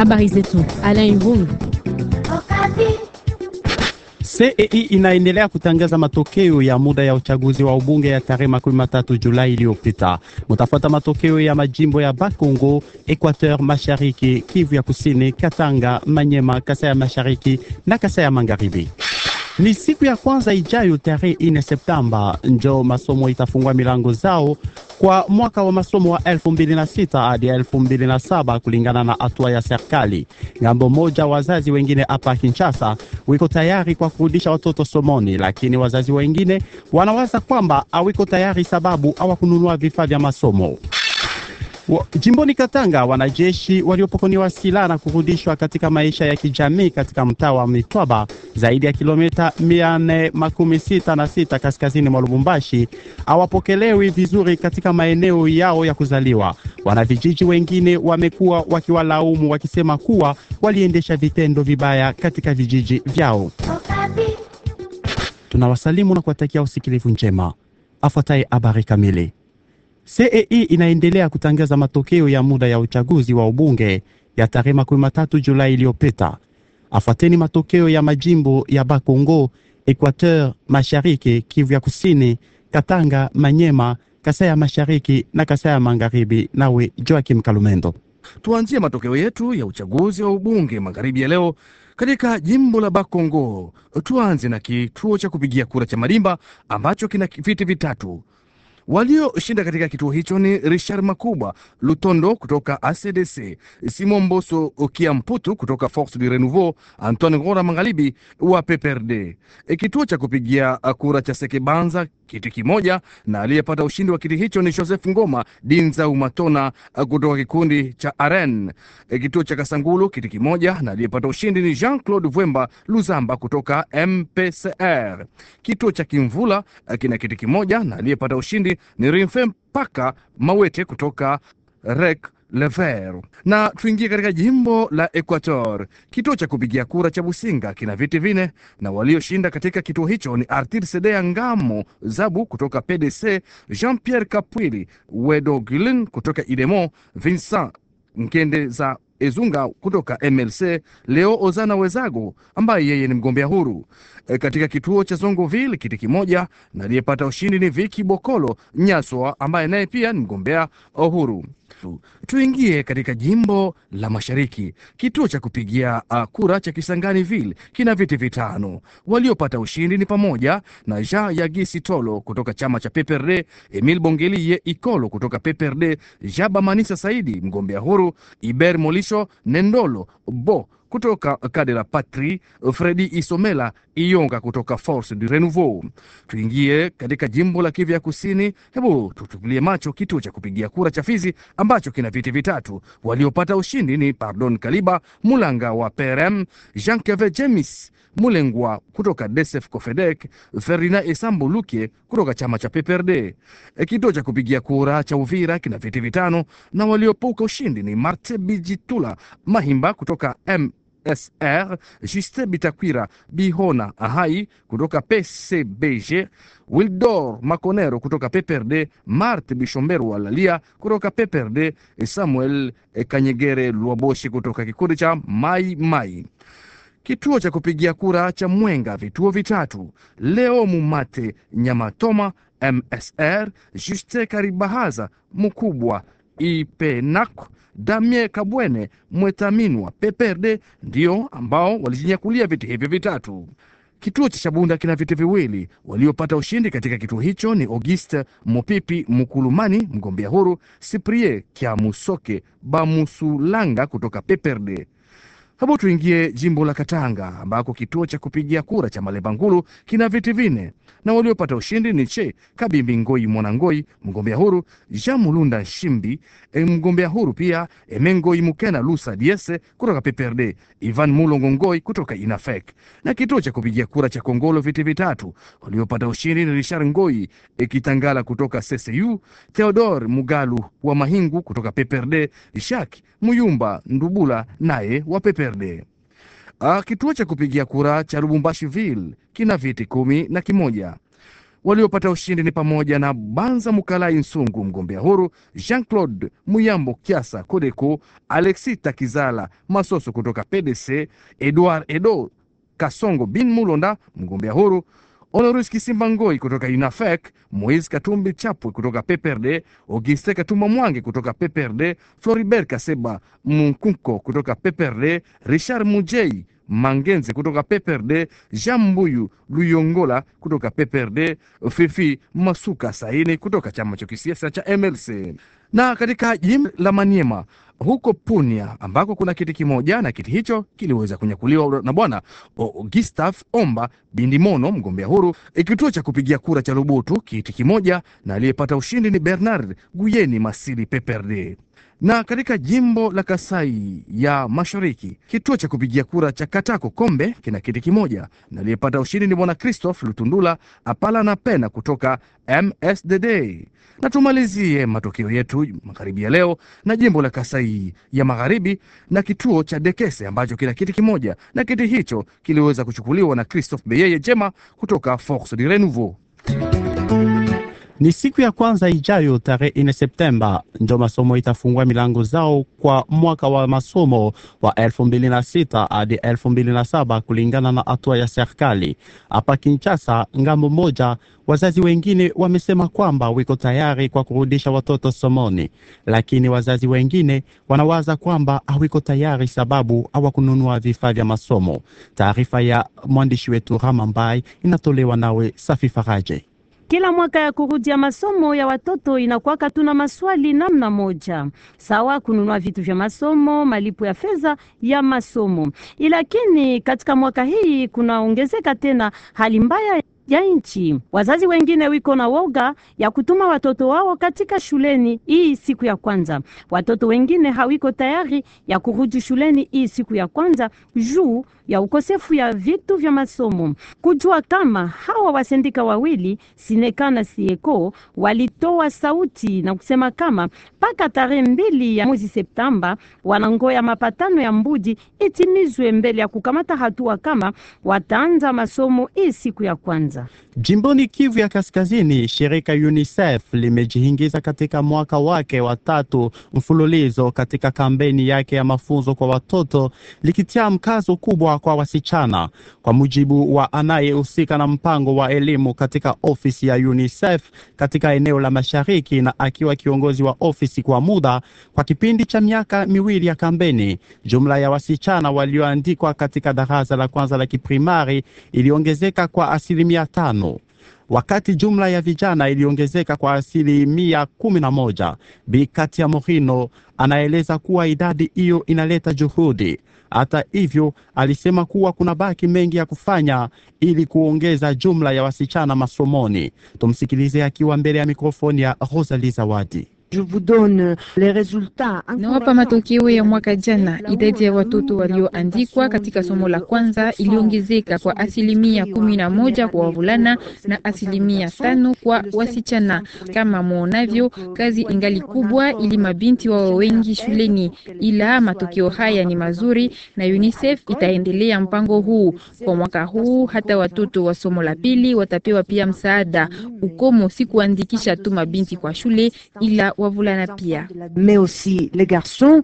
Habari zetu Alain Irungu. CEI inaendelea kutangaza matokeo ya muda ya uchaguzi wa ubunge ya tarehe makumi matatu Julai iliyopita. Mutafuata matokeo ya majimbo ya Bakongo, Equateur Mashariki, Kivu ya Kusini, Katanga, Manyema, Kasai ya Mashariki na Kasai ya Magharibi. Ni siku ya kwanza ijayo tarehe ine Septemba njo masomo itafungua milango zao kwa mwaka wa masomo wa elfu mbili na sita hadi elfu mbili na saba kulingana na hatua ya serikali. Ngambo moja, wazazi wengine hapa Kinshasa wiko tayari kwa kurudisha watoto somoni, lakini wazazi wengine wanawaza kwamba hawiko tayari sababu hawakununua vifaa vya masomo jimboni Katanga wanajeshi waliopokoniwa silaha na kurudishwa katika maisha ya kijamii katika mtaa wa Mitwaba zaidi ya kilomita mia nne makumi sita na sita kaskazini mwa Lubumbashi hawapokelewi vizuri katika maeneo yao ya kuzaliwa. Wanavijiji wengine wamekuwa wakiwalaumu wakisema kuwa waliendesha vitendo vibaya katika vijiji vyao. Tunawasalimu na kuwatakia usikilivu njema. Afuataye habari kamili. CEI inaendelea kutangaza matokeo ya muda ya uchaguzi wa ubunge ya tarehe makumi matatu Julai iliyopita. Afuateni matokeo ya majimbo ya Bakongo, Equateur Mashariki, Kivu ya Kusini, Katanga, Manyema, Kasaya Mashariki na Kasaya Magharibi. Nawe Joakim Kalumendo. Tuanzie matokeo yetu ya uchaguzi wa ubunge magharibi ya leo katika jimbo la Bakongo. Tuanze na kituo cha kupigia kura cha Madimba ambacho kina viti vitatu. Walioshinda katika kituo hicho ni Richard Makuba Lutondo kutoka ACDC, Simon Mboso Kiamputu kutoka Force du Renouveau, Antoine Ngora Magharibi wa PPRD. E, kituo cha kupigia kura cha Sekebanza kiti kimoja, na aliyepata ushindi wa kiti hicho ni Joseph Ngoma Dinza Umatona kutoka kikundi cha Aren. E, kituo cha Kasangulu kiti kimoja, na aliyepata ushindi ni Jean Claude Vwemba Luzamba kutoka MPCR. Kituo cha Kimvula e, kina kiti kimoja, na aliyepata ushindi ni Rimfe mpaka Mawete kutoka Rek Lever. Na tuingie katika jimbo la Equator. Kituo cha kupigia kura cha Businga kina viti vine na walioshinda katika kituo hicho ni Artir Sedea Ngamo Zabu kutoka PDC, Jean Pierre Kapwili gilin kutoka Idemo, Vincent Nkende za Ezunga kutoka MLC leo Ozana Wezago ambaye yeye ni mgombea huru e, katika kituo cha Zongoville kiti kimoja, na aliyepata ushindi ni Viki Bokolo Nyaswa ambaye naye pia ni mgombea e, huru mrefu. Tuingie katika jimbo la Mashariki. Kituo cha kupigia uh, kura cha Kisangani Ville kina viti vitano. Waliopata ushindi ni pamoja na Jean Yagisi Tolo kutoka chama cha PPRD, Emil ye Ikolo kutoka PPRD, Jaba Manisa Saidi mgombea huru, Iber Molisho Nendolo Bo kutoka kade la Patri, Fredi Isomela Iyonga kutoka Force du Renouveau. Tuingie katika jimbo la Kivu ya Kusini. Hebu tutupilie macho kituo cha kupigia kura cha Fizi ambacho kina viti vitatu. Waliopata ushindi ni Pardon Kaliba Mulanga wa PRM, Jean Kevin james Mulengwa kutoka DSF Kofedek, Ferina Esambo Luke kutoka chama cha PPRD. E, kituo cha kupigia kura cha Uvira kina viti vitano na waliopuka ushindi ni Marte Bijitula Mahimba kutoka M SR, Justin Bitakwira Bihona Ahai kutoka PCBG, Wildor Makonero kutoka PPRD, Marte Bishomberu Walalia kutoka PPRD, Samuel Kanyegere Lwaboshi kutoka kikundi cha Mai Mai. Kituo cha kupigia kura cha Mwenga, vituo vitatu leo: Mumate Nyamatoma MSR, Juste Karibahaza Mkubwa IPENAK, Damie Kabwene, Mwetaminwa Peperde ndio ambao walijinyakulia viti hivyo vitatu. Kituo cha Shabunda kina viti viwili. Waliopata ushindi katika kituo hicho ni Auguste Mopipi Mukulumani, mgombea huru, Siprie Kyamusoke Bamusulanga kutoka Peperde. Hebu tuingie jimbo la Katanga ambako kituo cha kupigia kura cha Malemba Ngulu kina viti vine na waliopata ushindi ni Che Kabimbi Ngoi Mwanangoi, mgombea huru, Jean Mulunda Shimbi, e, mgombea huru pia, Emengoi Mukena Lusa Diese kutoka PPRD, Ivan Mulongo Ngoi kutoka INAFEC Na kituo cha kupigia kura cha Kongolo viti vitatu, waliopata ushindi ni Richard Ngoi Ekitangala kutoka CCU, Theodore Mugalu wa Mahingu kutoka PPRD, Ishaki Muyumba Ndubula naye wa PPRD. Verde. A ah, kituo cha kupigia kura cha Lubumbashiville kina viti kumi na kimoja. Waliopata ushindi ni pamoja na Banza Mukalai Nsungu, mgombea huru, Jean Claude Muyambo Kiasa Kodeko, Alexis Takizala Masoso kutoka PDC, Edouard Edo Kasongo Bin Mulonda, mgombea huru Oloriski kisimbangoi kutoka UNAFEC, Moise Katumbi Chapwe kutoka PPRD, Auguste Katumba Mwange kutoka PPRD, Floribert Kaseba Munkunko kutoka PPRD, Richard Mujei Mangenze kutoka PPRD, Jean Mbuyu Luyongola kutoka PPRD, Fifi Masuka Saini kutoka chama cha kisiasa cha MLC. Na katika jimbo la Maniema huko Punia ambako kuna kiti kimoja na kiti hicho kiliweza kunyakuliwa na bwana Gustav Omba Bindimono, mgombea huru e, kituo cha kupigia kura cha Lubutu, kiti kimoja, na aliyepata ushindi ni Bernard Guyeni Masili Peperde. Na katika jimbo la Kasai ya Mashariki, kituo cha kupigia kura cha Katako Kombe kina kiti kimoja, na aliyepata ushindi ni bwana Christophe Lutundula Apala na Pena kutoka MSDD. Na tumalizie matokeo yetu magharibi ya leo na jimbo la Kasai Malawi ya Magharibi na kituo cha Dekese ambacho kina kiti kimoja, na kiti hicho kiliweza kuchukuliwa na Christophe Beyeye Jema kutoka Force du Renouveau ni siku ya kwanza ijayo tarehe ine Septemba ndio masomo itafungua milango zao kwa mwaka wa masomo wa elfu mbili na sita hadi elfu mbili na saba kulingana na hatua ya serikali. Hapa Kinshasa, ngambo moja, wazazi wengine wamesema kwamba wiko tayari kwa kurudisha watoto somoni, lakini wazazi wengine wanawaza kwamba hawiko tayari sababu hawakununua vifaa vya masomo. Taarifa ya mwandishi wetu Mbai inatolewa nawe Safi Faraje. Kila mwaka ya kurudia masomo ya watoto inakwaka tuna maswali namna moja sawa, kununua vitu vya masomo, malipo ya fedha ya masomo. Lakini katika mwaka hii kunaongezeka tena hali mbaya ya nchi. Wazazi wengine wiko na woga ya kutuma watoto wao katika shuleni hii siku ya kwanza. Watoto wengine hawiko tayari ya kurudi shuleni hii siku ya kwanza juu ya ukosefu ya vitu vya masomo. Kujua kama hawa wasendika wawili Sineka na Sieko walitoa sauti na kusema kama mpaka tarehe mbili ya mwezi Septemba wanangoya mapatano ya Mbudi itimizwe mbele ya kukamata hatua kama wataanza masomo hii siku ya kwanza kwanza. Jimboni Kivu ya Kaskazini, shirika UNICEF limejiingiza katika mwaka wake wa tatu mfululizo katika kampeni yake ya mafunzo kwa watoto, likitia mkazo kubwa kwa wasichana. Kwa mujibu wa anayehusika na mpango wa elimu katika ofisi ya UNICEF katika eneo la Mashariki na akiwa kiongozi wa ofisi kwa muda kwa kipindi cha miaka miwili ya kampeni, jumla ya wasichana walioandikwa katika darasa la kwanza la kiprimari iliongezeka kwa asilimia mia tano wakati jumla ya vijana iliongezeka kwa asilimia kumi na moja. Bi Katia Morino anaeleza kuwa idadi hiyo inaleta juhudi. Hata hivyo, alisema kuwa kuna baki mengi ya kufanya ili kuongeza jumla ya wasichana masomoni. Tumsikilize akiwa mbele ya mikrofoni ya rosali Zawadi. Nawapa matokeo ya mwaka jana. Idadi ya watoto walioandikwa katika somo la kwanza iliongezeka kwa asilimia kumi na moja kwa wavulana na asilimia tano kwa wasichana. Kama mwonavyo, kazi ingali kubwa ili mabinti wao wengi shuleni, ila matokeo haya ni mazuri na UNICEF itaendelea mpango huu kwa mwaka huu. Hata watoto wa somo la pili watapewa pia msaada. Ukomo si kuandikisha tu mabinti kwa shule ila wavulana pia, mais aussi les garçons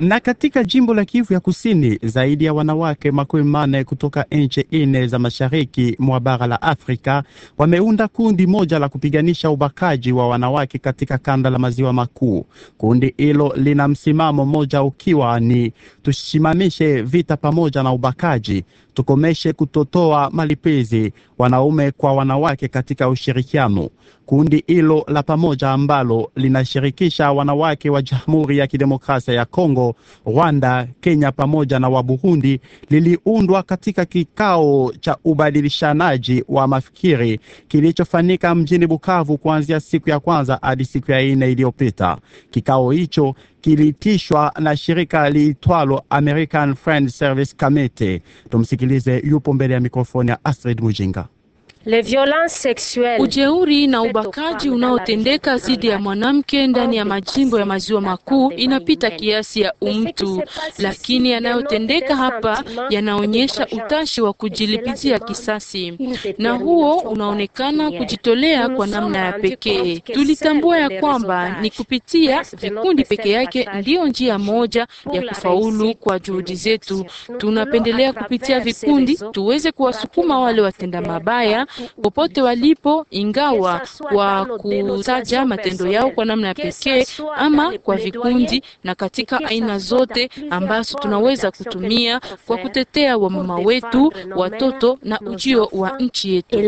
na katika jimbo la Kivu ya Kusini, zaidi ya wanawake makumi manne kutoka nchi nne za mashariki mwa bara la Afrika wameunda kundi moja la kupiganisha ubakaji wa wanawake katika kanda la maziwa makuu. Kundi hilo lina msimamo mmoja ukiwa ni tusimamishe vita pamoja na ubakaji, tukomeshe kutotoa malipizi wanaume kwa wanawake katika ushirikiano. Kundi hilo la pamoja ambalo linashirikisha wanawake wa Jamhuri ya Kidemokrasia ya Kongo, Rwanda, Kenya pamoja na wa Burundi liliundwa katika kikao cha ubadilishanaji wa mafikiri kilichofanyika mjini Bukavu kuanzia siku ya kwanza hadi siku ya nne iliyopita. Kikao hicho kilitishwa na shirika liitwalo American Friends Service Committee. Tumsikilize, yupo mbele ya mikrofoni ya Astrid Mujinga. Ujeuri na ubakaji unaotendeka dhidi ya mwanamke ndani ya majimbo ya maziwa makuu inapita kiasi ya umtu, lakini yanayotendeka hapa yanaonyesha utashi wa kujilipizia kisasi, na huo unaonekana kujitolea kwa namna ya pekee. Tulitambua ya kwamba ni kupitia vikundi peke yake ndiyo njia moja ya kufaulu kwa juhudi zetu. Tunapendelea kupitia vikundi tuweze kuwasukuma wale watenda mabaya popote walipo, ingawa kwa kutaja matendo yao kwa namna ya pekee ama kwa vikundi, na katika aina zote ambazo tunaweza kutumia kwa kutetea wamama wetu, watoto na ujio wa nchi yetu.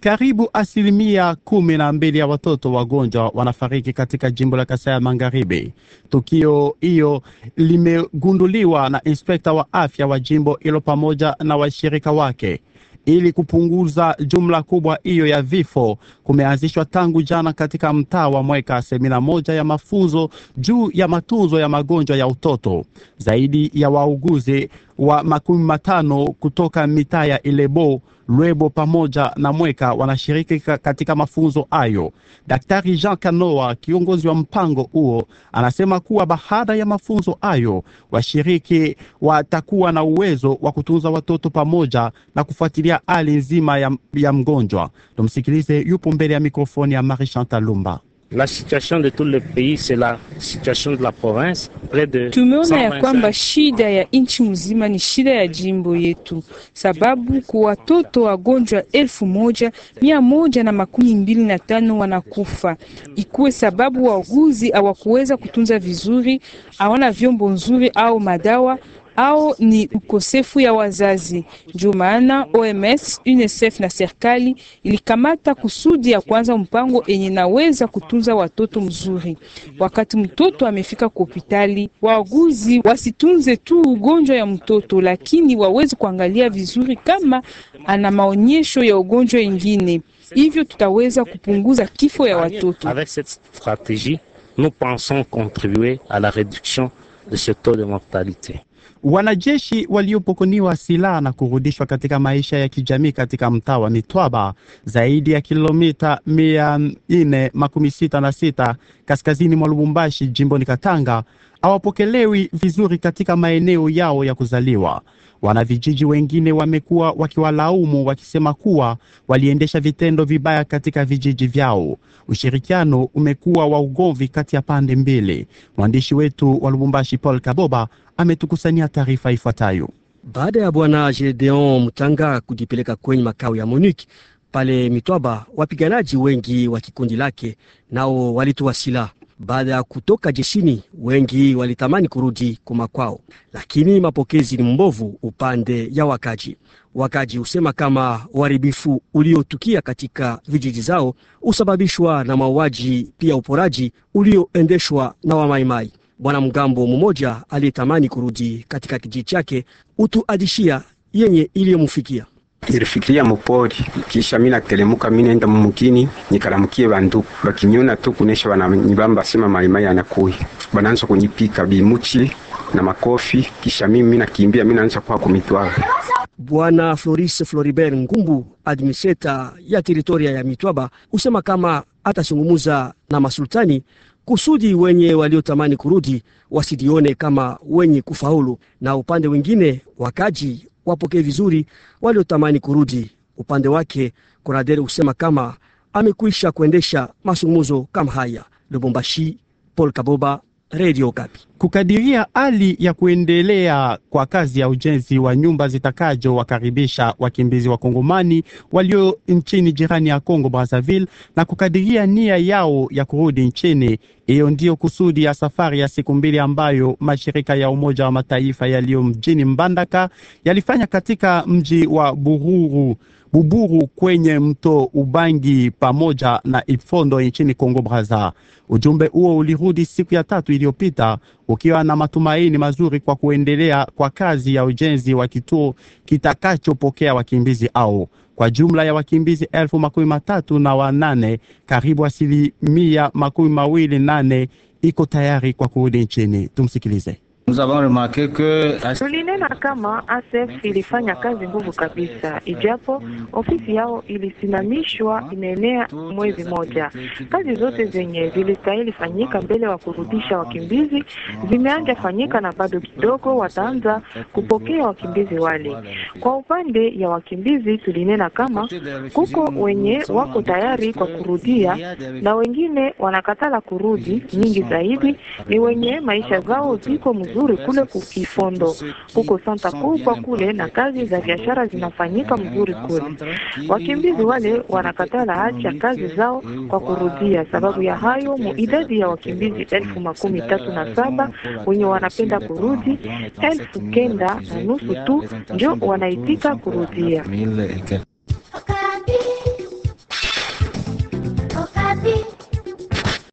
Karibu asilimia kumi na mbili ya watoto wagonjwa wanafariki katika jimbo la Kasai ya Magharibi. Tukio hiyo limegunduliwa na inspekta wa afya wa jimbo hilo pamoja na washirika wake. Ili kupunguza jumla kubwa hiyo ya vifo, kumeanzishwa tangu jana katika mtaa wa Mweka semina moja ya mafunzo juu ya matunzo ya magonjwa ya utoto. Zaidi ya wauguzi wa makumi matano kutoka mitaa ya Ilebo, Lwebo pamoja na Mweka wanashiriki katika mafunzo hayo. Daktari Jean Kanoa, kiongozi wa mpango huo, anasema kuwa baada ya mafunzo hayo washiriki watakuwa na uwezo wa kutunza watoto pamoja na kufuatilia hali nzima ya, ya mgonjwa. Tumsikilize, yupo mbele ya mikrofoni ya Marie Chantal Lumba. La situation de tout le pays, c'est la situation de la province. Près de tumeona ya kwamba shida ya nchi mzima ni shida ya jimbo yetu, sababu kwa watoto wagonjwa elfu moja mia moja na makumi mbili na tano wanakufa, ikuwe sababu wauguzi hawakuweza kutunza vizuri, hawana vyombo nzuri au madawa au ni ukosefu ya wazazi. Ndio maana OMS, UNICEF na serikali ilikamata kusudi ya kwanza mpango enye naweza kutunza watoto mzuri. Wakati mtoto amefika kwa hospitali, wauguzi wasitunze tu ugonjwa ya mtoto, lakini waweze kuangalia vizuri kama ana maonyesho ya ugonjwa ingine. Hivyo tutaweza kupunguza kifo ya watoto. Avec cette stratégie, nous pensons contribuer à la réduction de ce taux de mortalité. Wanajeshi waliopokoniwa silaha na kurudishwa katika maisha ya kijamii katika mtaa wa Mitwaba, zaidi ya kilomita mia nne makumi sita na sita kaskazini mwa Lubumbashi, jimboni Katanga, hawapokelewi vizuri katika maeneo yao ya kuzaliwa. Wanavijiji wengine wamekuwa wakiwalaumu wakisema kuwa waliendesha vitendo vibaya katika vijiji vyao. Ushirikiano umekuwa wa ugomvi kati ya pande mbili. Mwandishi wetu wa Lubumbashi Paul Kaboba ametukusania taarifa ifuatayo. Baada ya bwana Gedeon Mutanga kujipeleka kwenye makao ya MONUC pale Mitwaba, wapiganaji wengi wa kikundi lake nao walitoa silaha. Baada ya kutoka jeshini, wengi walitamani kurudi kuma kwao, lakini mapokezi ni mbovu upande ya wakaji. Wakaji husema kama uharibifu uliotukia katika vijiji zao husababishwa na mauaji, pia uporaji ulioendeshwa na Wamaimai. Mwanamgambo mmoja aliyetamani kurudi katika kijiji chake utuadishia yenye iliyomfikia. Ilifikiria mupori kisha mi mina mi naenda mumukini nikalamukie banduku bakiniona tu kunesha bananyibamba sema maimai anakuya bananza kunyipika bimuchi na makofi kisha mimi mi naanza kwa kumitwaga Bwana Floris Floribert Ngumbu, administrator ya teritoria ya Mitwaba, husema kama atasungumuza na masultani kusudi wenye waliotamani kurudi wasijione kama wenye kufaulu, na upande wengine wakaji wapokee vizuri waliotamani kurudi. Upande wake Koradere husema kama amekwisha kuendesha mazungumzo kama haya. Lubumbashi, Paul Kaboba, Radio Kapi kukadiria hali ya kuendelea kwa kazi ya ujenzi wa nyumba zitakazowakaribisha wakimbizi wa kongomani walio nchini jirani ya Kongo Brazzaville, na kukadiria nia yao ya kurudi nchini. Hiyo ndiyo kusudi ya safari ya siku mbili ambayo mashirika ya Umoja wa Mataifa yaliyo mjini Mbandaka yalifanya katika mji wa Bururu Buburu kwenye mto Ubangi pamoja na Ifondo nchini Kongo Braza. Ujumbe huo ulirudi siku ya tatu iliyopita ukiwa na matumaini mazuri kwa kuendelea kwa kazi ya ujenzi wa kituo kitakachopokea wakimbizi au kwa jumla ya wakimbizi elfu makumi matatu na wanane, karibu asilimia makumi mawili nane iko tayari kwa kurudi nchini. Tumsikilize. Tulinena kama ASF ilifanya kazi nguvu kabisa, ijapo ofisi yao ilisimamishwa imeenea mwezi moja. Kazi zote zenye zilistahili fanyika mbele wa kurudisha wakimbizi zimeanja fanyika, na bado kidogo wataanza kupokea wakimbizi wale. Kwa upande ya wakimbizi, tulinena kama kuko wenye wako tayari kwa kurudia na wengine wanakatala kurudi. Nyingi zaidi ni wenye maisha zao ziko mzuri kule Kukifondo, huko santa kubwa kule, na kazi za biashara zinafanyika mzuri kule. Wakimbizi wale wanakatala acha kazi zao kwa kurudia. Sababu ya hayo, idadi ya wakimbizi elfu makumi tatu na saba wenye wanapenda kurudi, elfu kenda na nusu tu ndio wanaitika kurudia.